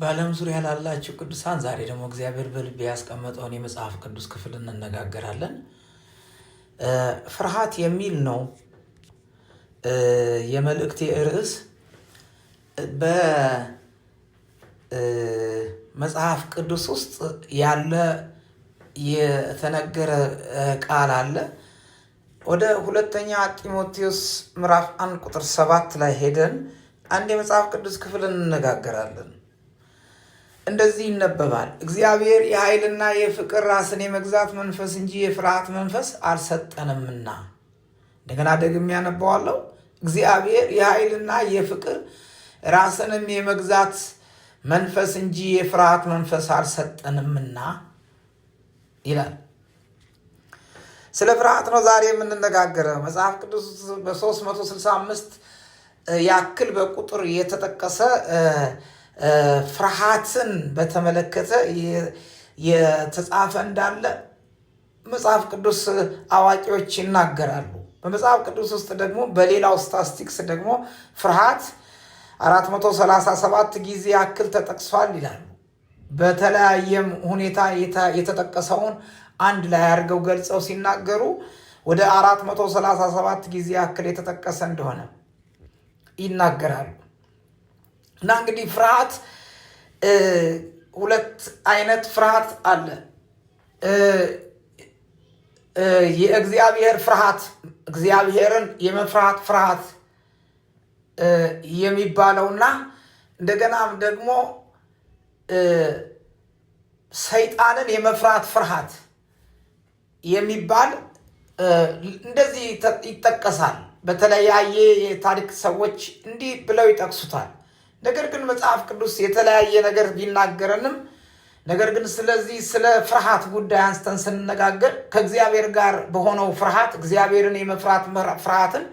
በዓለም ዙሪያ ላላችሁ ቅዱሳን ዛሬ ደግሞ እግዚአብሔር በልብ ያስቀመጠውን የመጽሐፍ ቅዱስ ክፍል እንነጋገራለን። ፍርሃት የሚል ነው የመልእክቴ ርዕስ። በመጽሐፍ ቅዱስ ውስጥ ያለ የተነገረ ቃል አለ። ወደ ሁለተኛ ጢሞቴዎስ ምዕራፍ አንድ ቁጥር ሰባት ላይ ሄደን አንድ የመጽሐፍ ቅዱስ ክፍል እንነጋገራለን። እንደዚህ ይነበባል። እግዚአብሔር የኃይልና የፍቅር ራስን የመግዛት መንፈስ እንጂ የፍርሃት መንፈስ አልሰጠንምና። እንደገና ደግሜ ያነበዋለሁ። እግዚአብሔር የኃይልና የፍቅር ራስንም የመግዛት መንፈስ እንጂ የፍርሃት መንፈስ አልሰጠንምና ይላል። ስለ ፍርሃት ነው ዛሬ የምንነጋገረው። መጽሐፍ ቅዱስ በ365 ያክል በቁጥር የተጠቀሰ ፍርሃትን በተመለከተ የተጻፈ እንዳለ መጽሐፍ ቅዱስ አዋቂዎች ይናገራሉ። በመጽሐፍ ቅዱስ ውስጥ ደግሞ በሌላው ስታስቲክስ ደግሞ ፍርሃት 437 ጊዜ ያክል ተጠቅሷል ይላሉ። በተለያየም ሁኔታ የተጠቀሰውን አንድ ላይ አድርገው ገልጸው ሲናገሩ ወደ 437 ጊዜ ያክል የተጠቀሰ እንደሆነ ይናገራሉ። እና እንግዲህ ፍርሃት ሁለት አይነት ፍርሃት አለ። የእግዚአብሔር ፍርሃት እግዚአብሔርን የመፍራት ፍርሃት የሚባለውና እንደገናም ደግሞ ሰይጣንን የመፍራት ፍርሃት የሚባል እንደዚህ ይጠቀሳል። በተለያየ የታሪክ ሰዎች እንዲህ ብለው ይጠቅሱታል። ነገር ግን መጽሐፍ ቅዱስ የተለያየ ነገር ቢናገረንም ነገር ግን ስለዚህ ስለ ፍርሃት ጉዳይ አንስተን ስንነጋገር ከእግዚአብሔር ጋር በሆነው ፍርሃት እግዚአብሔርን የመፍራት ፍርሃትን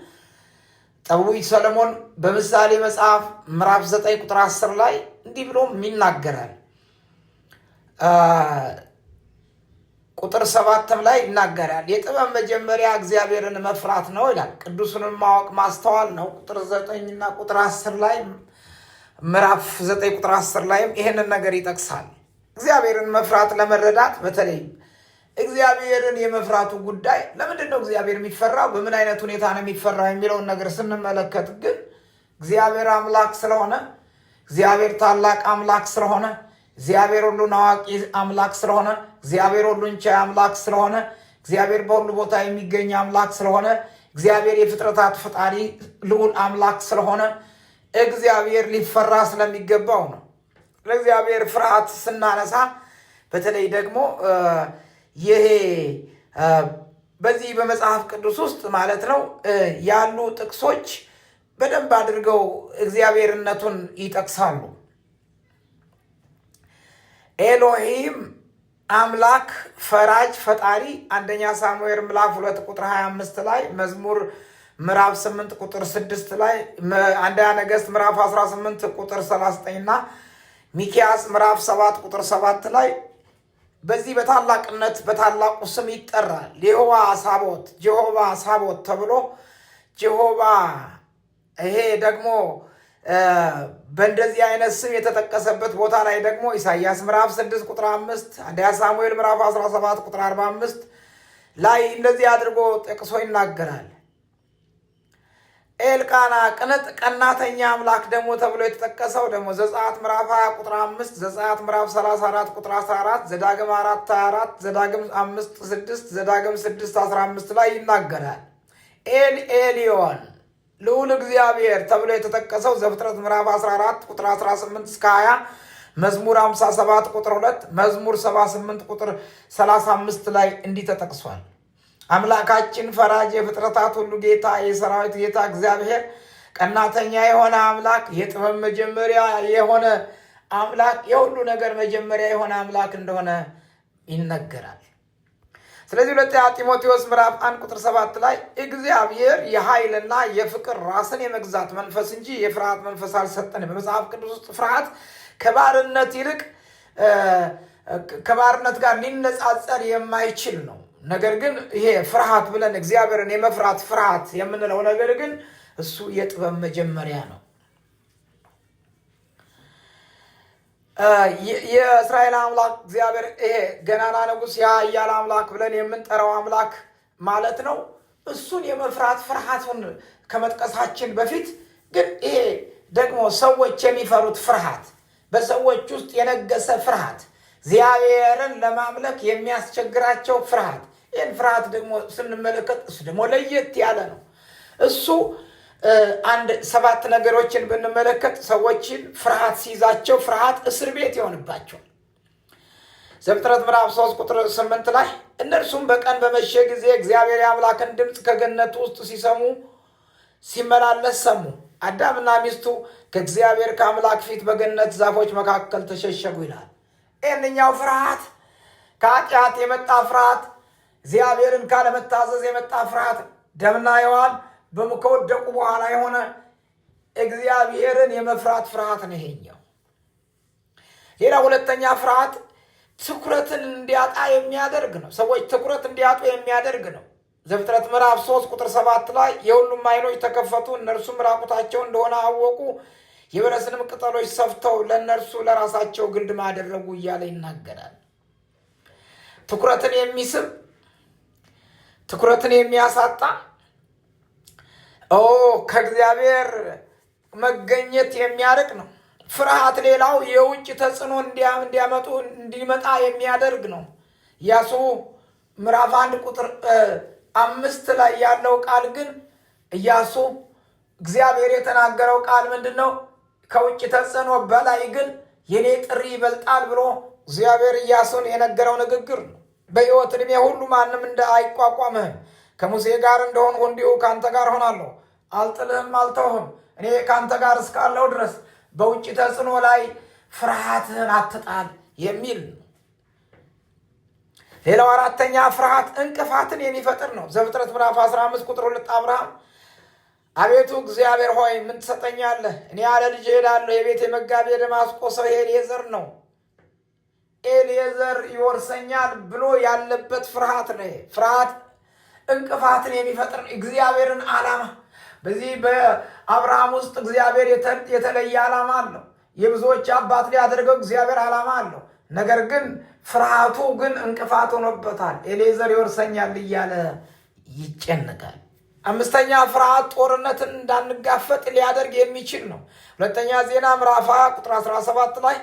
ጠቢቡ ሰለሞን በምሳሌ መጽሐፍ ምዕራፍ 9 ቁጥር 10 ላይ እንዲህ ብሎ ይናገራል። ቁጥር ሰባትም ላይ ይናገራል። የጥበብ መጀመሪያ እግዚአብሔርን መፍራት ነው ይላል። ቅዱሱንም ማወቅ ማስተዋል ነው። ቁጥር ዘጠኝና ቁጥር አስር ላይ ምዕራፍ 9 ቁጥር 10 ላይም ይሄንን ነገር ይጠቅሳል። እግዚአብሔርን መፍራት ለመረዳት በተለይ እግዚአብሔርን የመፍራቱ ጉዳይ ለምንድን ነው እግዚአብሔር የሚፈራው፣ በምን አይነት ሁኔታ ነው የሚፈራው የሚለውን ነገር ስንመለከት ግን እግዚአብሔር አምላክ ስለሆነ እግዚአብሔር ታላቅ አምላክ ስለሆነ እግዚአብሔር ሁሉን አዋቂ አምላክ ስለሆነ እግዚአብሔር ሁሉን ቻይ አምላክ ስለሆነ እግዚአብሔር በሁሉ ቦታ የሚገኝ አምላክ ስለሆነ እግዚአብሔር የፍጥረታት ፈጣሪ ልዑል አምላክ ስለሆነ እግዚአብሔር ሊፈራ ስለሚገባው ነው። ለእግዚአብሔር ፍርሃት ስናነሳ በተለይ ደግሞ ይሄ በዚህ በመጽሐፍ ቅዱስ ውስጥ ማለት ነው ያሉ ጥቅሶች በደንብ አድርገው እግዚአብሔርነቱን ይጠቅሳሉ። ኤሎሂም አምላክ ፈራጅ ፈጣሪ አንደኛ ሳሙኤል ምዕራፍ ሁለት ቁጥር 25 ላይ መዝሙር ምዕራፍ 8 ቁጥር 6 ላይ አንደኛ ነገሥት ምዕራፍ 18 ቁጥር 39 እና ሚኪያስ ምዕራፍ 7 ቁጥር 7 ላይ በዚህ በታላቅነት በታላቁ ስም ይጠራል። የሆባ ሳቦት ጀሆባ ሳቦት ተብሎ ጀሆባ ይሄ ደግሞ በእንደዚህ አይነት ስም የተጠቀሰበት ቦታ ላይ ደግሞ ኢሳያስ ምዕራፍ 6 ቁጥር 5 አንደኛ ሳሙኤል ምዕራፍ 17 ቁጥር 45 ላይ እንደዚህ አድርጎ ጠቅሶ ይናገራል። ኤልቃና ቅንጥ ቀናተኛ አምላክ ደግሞ ተብሎ የተጠቀሰው ደግሞ ዘጸአት ምዕራፍ 20 ቁጥር 5፣ ዘጸአት ምዕራፍ 34 ቁጥር 14፣ ዘዳግም 4 24፣ ዘዳግም 5 6፣ ዘዳግም 6 15 ላይ ይናገራል። ኤል ኤሊዮን ልዑል እግዚአብሔር ተብሎ የተጠቀሰው ዘፍጥረት ምዕራፍ 14 ቁጥር 18 እስከ 20፣ መዝሙር 57 ቁጥር 2፣ መዝሙር 78 ቁጥር 35 ላይ እንዲህ ተጠቅሷል። አምላካችን ፈራጅ፣ የፍጥረታት ሁሉ ጌታ፣ የሰራዊት ጌታ እግዚአብሔር ቀናተኛ የሆነ አምላክ፣ የጥበብ መጀመሪያ የሆነ አምላክ፣ የሁሉ ነገር መጀመሪያ የሆነ አምላክ እንደሆነ ይነገራል። ስለዚህ ሁለተኛ ጢሞቴዎስ ምዕራፍ አንድ ቁጥር ሰባት ላይ እግዚአብሔር የኃይልና የፍቅር ራስን የመግዛት መንፈስ እንጂ የፍርሃት መንፈስ አልሰጠን። በመጽሐፍ ቅዱስ ውስጥ ፍርሃት ከባርነት ይልቅ ከባርነት ጋር ሊነጻጸር የማይችል ነው። ነገር ግን ይሄ ፍርሃት ብለን እግዚአብሔርን የመፍራት ፍርሃት የምንለው ነገር ግን እሱ የጥበብ መጀመሪያ ነው። የእስራኤል አምላክ እግዚአብሔር ይሄ ገናና ንጉሥ እያለ አምላክ ብለን የምንጠራው አምላክ ማለት ነው። እሱን የመፍራት ፍርሃቱን ከመጥቀሳችን በፊት ግን ይሄ ደግሞ ሰዎች የሚፈሩት ፍርሃት በሰዎች ውስጥ የነገሰ ፍርሃት እግዚአብሔርን ለማምለክ የሚያስቸግራቸው ፍርሃት ይህን ፍርሃት ደግሞ ስንመለከት እሱ ደግሞ ለየት ያለ ነው። እሱ አንድ ሰባት ነገሮችን ብንመለከት ሰዎችን ፍርሃት ሲይዛቸው ፍርሃት እስር ቤት ይሆንባቸዋል። ዘፍጥረት ምዕራፍ ሶስት ቁጥር ስምንት ላይ እነርሱም በቀን በመሸ ጊዜ እግዚአብሔር የአምላክን ድምፅ ከገነቱ ውስጥ ሲሰሙ ሲመላለስ ሰሙ። አዳምና ሚስቱ ከእግዚአብሔር ከአምላክ ፊት በገነት ዛፎች መካከል ተሸሸጉ ይላል። ይህንኛው ፍርሃት ከኃጢአት የመጣ ፍርሃት እግዚአብሔርን ካለመታዘዝ የመጣ ፍርሃት ደምና የዋል ከወደቁ በኋላ የሆነ እግዚአብሔርን የመፍራት ፍርሃት ነው ይሄኛው። ሌላ ሁለተኛ ፍርሃት ትኩረትን እንዲያጣ የሚያደርግ ነው። ሰዎች ትኩረት እንዲያጡ የሚያደርግ ነው። ዘፍጥረት ምዕራፍ ሶስት ቁጥር ሰባት ላይ የሁሉም አይኖች ተከፈቱ፣ እነርሱም ራቁታቸው እንደሆነ አወቁ፣ የበለስንም ቅጠሎች ሰፍተው ለእነርሱ ለራሳቸው ግልድም አደረጉ እያለ ይናገራል። ትኩረትን የሚስብ ትኩረትን የሚያሳጣ ኦ ከእግዚአብሔር መገኘት የሚያርቅ ነው። ፍርሃት ሌላው የውጭ ተጽዕኖ እንዲያመጡ እንዲመጣ የሚያደርግ ነው። ያሱ ምዕራፍ አንድ ቁጥር አምስት ላይ ያለው ቃል ግን እያሱ እግዚአብሔር የተናገረው ቃል ምንድን ነው? ከውጭ ተጽዕኖ በላይ ግን የኔ ጥሪ ይበልጣል ብሎ እግዚአብሔር እያሱን የነገረው ንግግር ነው። በሕይወት ዕድሜ ሁሉ ማንም እንደ አይቋቋምህም። ከሙሴ ጋር እንደሆን እንዲሁ ከአንተ ጋር ሆናለሁ፣ አልጥልህም፣ አልተውህም። እኔ ከአንተ ጋር እስካለው ድረስ በውጭ ተጽዕኖ ላይ ፍርሃትህን አትጣል የሚል ነው። ሌላው አራተኛ ፍርሃት እንቅፋትን የሚፈጥር ነው። ዘፍጥረት ምዕራፍ 15 ቁጥር ሁለት አብርሃም አቤቱ እግዚአብሔር ሆይ ምን ትሰጠኛለህ? እኔ አለ ልጅ እሄዳለሁ፣ የቤት መጋቢ የደማስቆ ሰው የዘር ነው ኤሊዘር ይወርሰኛል ብሎ ያለበት ፍርሃት ነው። ፍርሃት እንቅፋትን የሚፈጥር እግዚአብሔርን ዓላማ በዚህ በአብርሃም ውስጥ እግዚአብሔር የተለየ ዓላማ አለው። የብዙዎች አባት ሊያደርገው እግዚአብሔር ዓላማ አለው። ነገር ግን ፍርሃቱ ግን እንቅፋት ሆኖበታል። ኤሌዘር ይወርሰኛል እያለ ይጨነቃል። አምስተኛ ፍርሃት ጦርነትን እንዳንጋፈጥ ሊያደርግ የሚችል ነው። ሁለተኛ ዜና ምዕራፍ ቁጥር 17 ላይ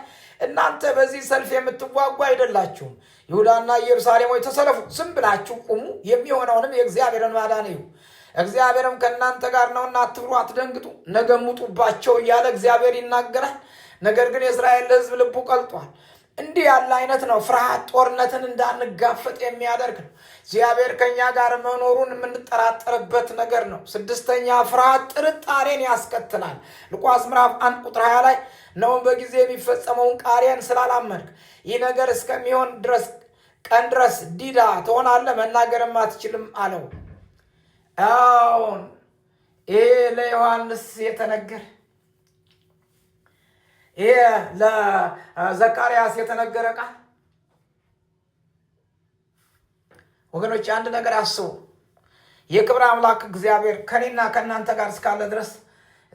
እናንተ በዚህ ሰልፍ የምትዋጉ አይደላችሁም፣ ይሁዳና ኢየሩሳሌም ሆይ ተሰለፉ፣ ዝም ብላችሁ ቁሙ፣ የሚሆነውንም የእግዚአብሔርን ማዳን እዩ። እግዚአብሔርም ከእናንተ ጋር ነውና አትፍሩ፣ አትደንግጡ፣ ነገ ሙጡባቸው እያለ እግዚአብሔር ይናገራል። ነገር ግን የእስራኤል ሕዝብ ልቡ ቀልጧል። እንዲህ ያለ አይነት ነው። ፍርሃት ጦርነትን እንዳንጋፈጥ የሚያደርግ ነው። እግዚአብሔር ከኛ ጋር መኖሩን የምንጠራጠርበት ነገር ነው። ስድስተኛ ፍርሃት ጥርጣሬን ያስከትላል። ሉቃስ ምዕራፍ አንድ ቁጥር ሀያ ላይ ነውን በጊዜ የሚፈጸመውን ቃሪያን ስላላመንክ ይህ ነገር እስከሚሆን ድረስ ቀን ድረስ ዲዳ ትሆናለህ፣ መናገርም አትችልም አለው። አሁን ይሄ ለዮሐንስ የተነገረ ይሄ ለዘካርያስ የተነገረ ቃል ወገኖች፣ አንድ ነገር አስቡ። የክብር አምላክ እግዚአብሔር ከኔና ከእናንተ ጋር እስካለ ድረስ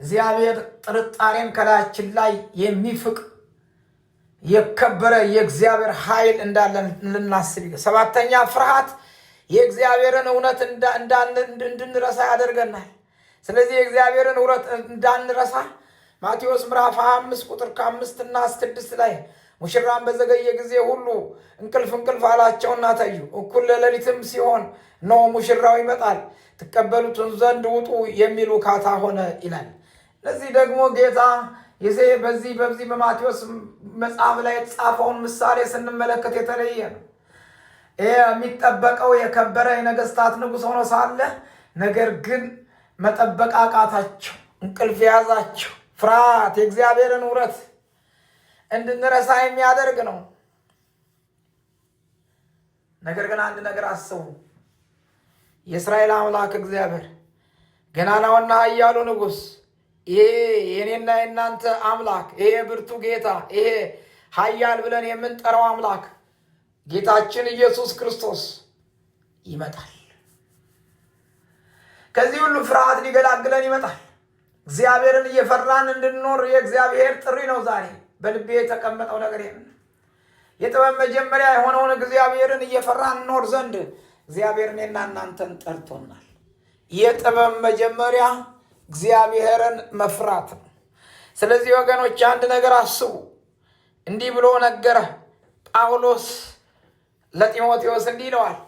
እግዚአብሔር ጥርጣሬን ከላያችን ላይ የሚፍቅ የከበረ የእግዚአብሔር ኃይል እንዳለ ልናስብ። ሰባተኛ ፍርሃት የእግዚአብሔርን እውነት እንድንረሳ ያደርገናል። ስለዚህ የእግዚአብሔርን እውነት እንዳንረሳ ማቴዎስ ምዕራፍ 25 ቁጥር ከአምስት እና ስድስት ላይ ሙሽራን በዘገየ ጊዜ ሁሉ እንቅልፍ እንቅልፍ አላቸውና ተዩ። እኩል ለሌሊትም ሲሆን ነው ሙሽራው ይመጣል፣ ትቀበሉትን ዘንድ ውጡ የሚል ውካታ ሆነ ይላል። ለዚህ ደግሞ ጌታ ይዜ በዚህ በዚህ በማቴዎስ መጽሐፍ ላይ የተጻፈውን ምሳሌ ስንመለከት የተለየ ነው። ይ የሚጠበቀው የከበረ የነገስታት ንጉሥ ሆኖ ሳለ ነገር ግን መጠበቅ አቃታቸው፣ እንቅልፍ የያዛቸው ፍርሃት የእግዚአብሔርን ውረት እንድንረሳ የሚያደርግ ነው። ነገር ግን አንድ ነገር አስቡ። የእስራኤል አምላክ እግዚአብሔር ገናናውና ኃያሉ ንጉሥ፣ ይሄ የኔና የእናንተ አምላክ፣ ይሄ ብርቱ ጌታ፣ ይሄ ኃያል ብለን የምንጠራው አምላክ ጌታችን ኢየሱስ ክርስቶስ ይመጣል። ከዚህ ሁሉ ፍርሃት ሊገላግለን ይመጣል። እግዚአብሔርን እየፈራን እንድንኖር የእግዚአብሔር ጥሪ ነው። ዛሬ በልቤ የተቀመጠው ነገር የጥበብ መጀመሪያ የሆነውን እግዚአብሔርን እየፈራን እንኖር ዘንድ እግዚአብሔር እኔና እናንተን ጠርቶናል። የጥበብ መጀመሪያ እግዚአብሔርን መፍራት ነው። ስለዚህ ወገኖች አንድ ነገር አስቡ። እንዲህ ብሎ ነገረ ጳውሎስ ለጢሞቴዎስ እንዲህ ይለዋል፣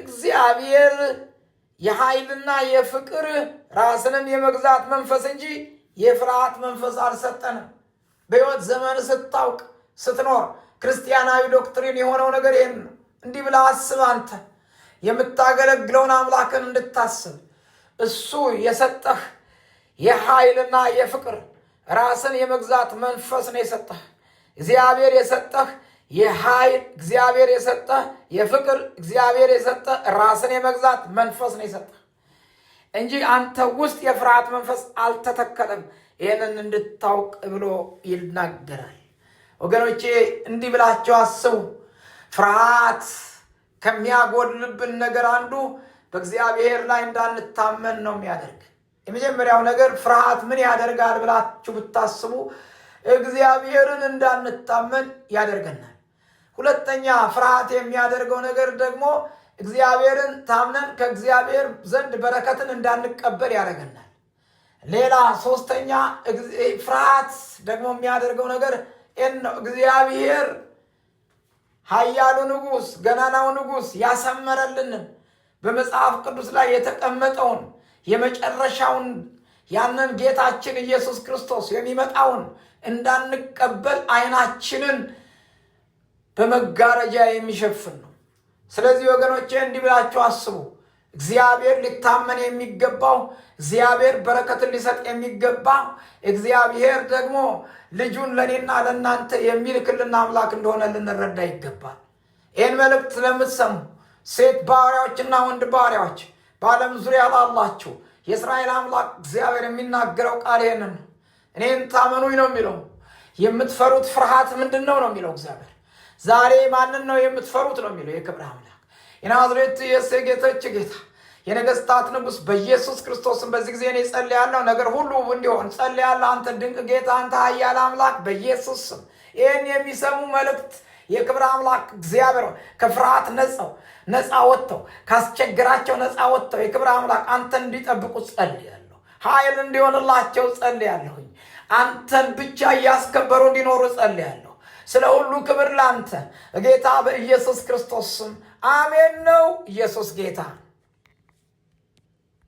እግዚአብሔር የኃይልና የፍቅር ራስንን የመግዛት መንፈስ እንጂ የፍርሃት መንፈስ አልሰጠንም። በሕይወት ዘመን ስታውቅ ስትኖር ክርስቲያናዊ ዶክትሪን የሆነው ነገር ይህን ነው። እንዲህ ብለ አስብ። አንተ የምታገለግለውን አምላክን እንድታስብ እሱ የሰጠህ የኃይልና የፍቅር ራስን የመግዛት መንፈስ ነው የሰጠህ እግዚአብሔር የሰጠህ የኃይል እግዚአብሔር የሰጠህ የፍቅር እግዚአብሔር የሰጠህ ራስን የመግዛት መንፈስ ነው የሰጠህ። እንጂ አንተ ውስጥ የፍርሃት መንፈስ አልተተከለም። ይህንን እንድታውቅ ብሎ ይናገራል። ወገኖቼ እንዲህ ብላቸው አስቡ። ፍርሃት ከሚያጎልብን ነገር አንዱ በእግዚአብሔር ላይ እንዳንታመን ነው የሚያደርግ። የመጀመሪያው ነገር ፍርሃት ምን ያደርጋል ብላችሁ ብታስቡ፣ እግዚአብሔርን እንዳንታመን ያደርገናል። ሁለተኛ ፍርሃት የሚያደርገው ነገር ደግሞ እግዚአብሔርን ታምነን ከእግዚአብሔር ዘንድ በረከትን እንዳንቀበል ያደርገናል። ሌላ ሶስተኛ ፍርሃት ደግሞ የሚያደርገው ነገር ነው። እግዚአብሔር ኃያሉ ንጉሥ፣ ገናናው ንጉሥ ያሰመረልንን በመጽሐፍ ቅዱስ ላይ የተቀመጠውን የመጨረሻውን ያንን ጌታችን ኢየሱስ ክርስቶስ የሚመጣውን እንዳንቀበል ዓይናችንን በመጋረጃ የሚሸፍን ነው። ስለዚህ ወገኖቼ እንዲህ ብላችሁ አስቡ። እግዚአብሔር ሊታመን የሚገባው እግዚአብሔር በረከትን ሊሰጥ የሚገባው እግዚአብሔር ደግሞ ልጁን ለእኔና ለእናንተ የሚልክልን አምላክ እንደሆነ ልንረዳ ይገባል። ይህን መልእክት ለምትሰሙ ሴት ባሪያዎችና ወንድ ባሪያዎች በዓለም ዙሪያ ላላችሁ የእስራኤል አምላክ እግዚአብሔር የሚናገረው ቃል ይህንን እኔን ታመኑኝ ነው የሚለው። የምትፈሩት ፍርሃት ምንድን ነው ነው የሚለው እግዚአብሔር ዛሬ ማንን ነው የምትፈሩት? ነው የሚለው የክብር አምላክ የናዝሬት የሴ የጌቶች ጌታ የነገስታት ንጉስ በኢየሱስ ክርስቶስን በዚህ ጊዜ እኔ ጸልያለሁ፣ ነገር ሁሉ እንዲሆን ጸልያለሁ። አንተ ድንቅ ጌታ፣ አንተ ሀያል አምላክ በኢየሱስ ስም ይህን የሚሰሙ መልእክት የክብር አምላክ እግዚአብሔር ከፍርሃት ነጻው ነፃ ወጥተው ካስቸግራቸው ነፃ ወጥተው የክብር አምላክ አንተን እንዲጠብቁ ጸልያለሁ። ኃይል እንዲሆንላቸው ጸልያለሁኝ። አንተን ብቻ እያስከበሩ እንዲኖሩ ጸልያለሁ። ስለ ሁሉ ክብር ላንተ ጌታ በኢየሱስ ክርስቶስ ስም አሜን። ነው ኢየሱስ ጌታ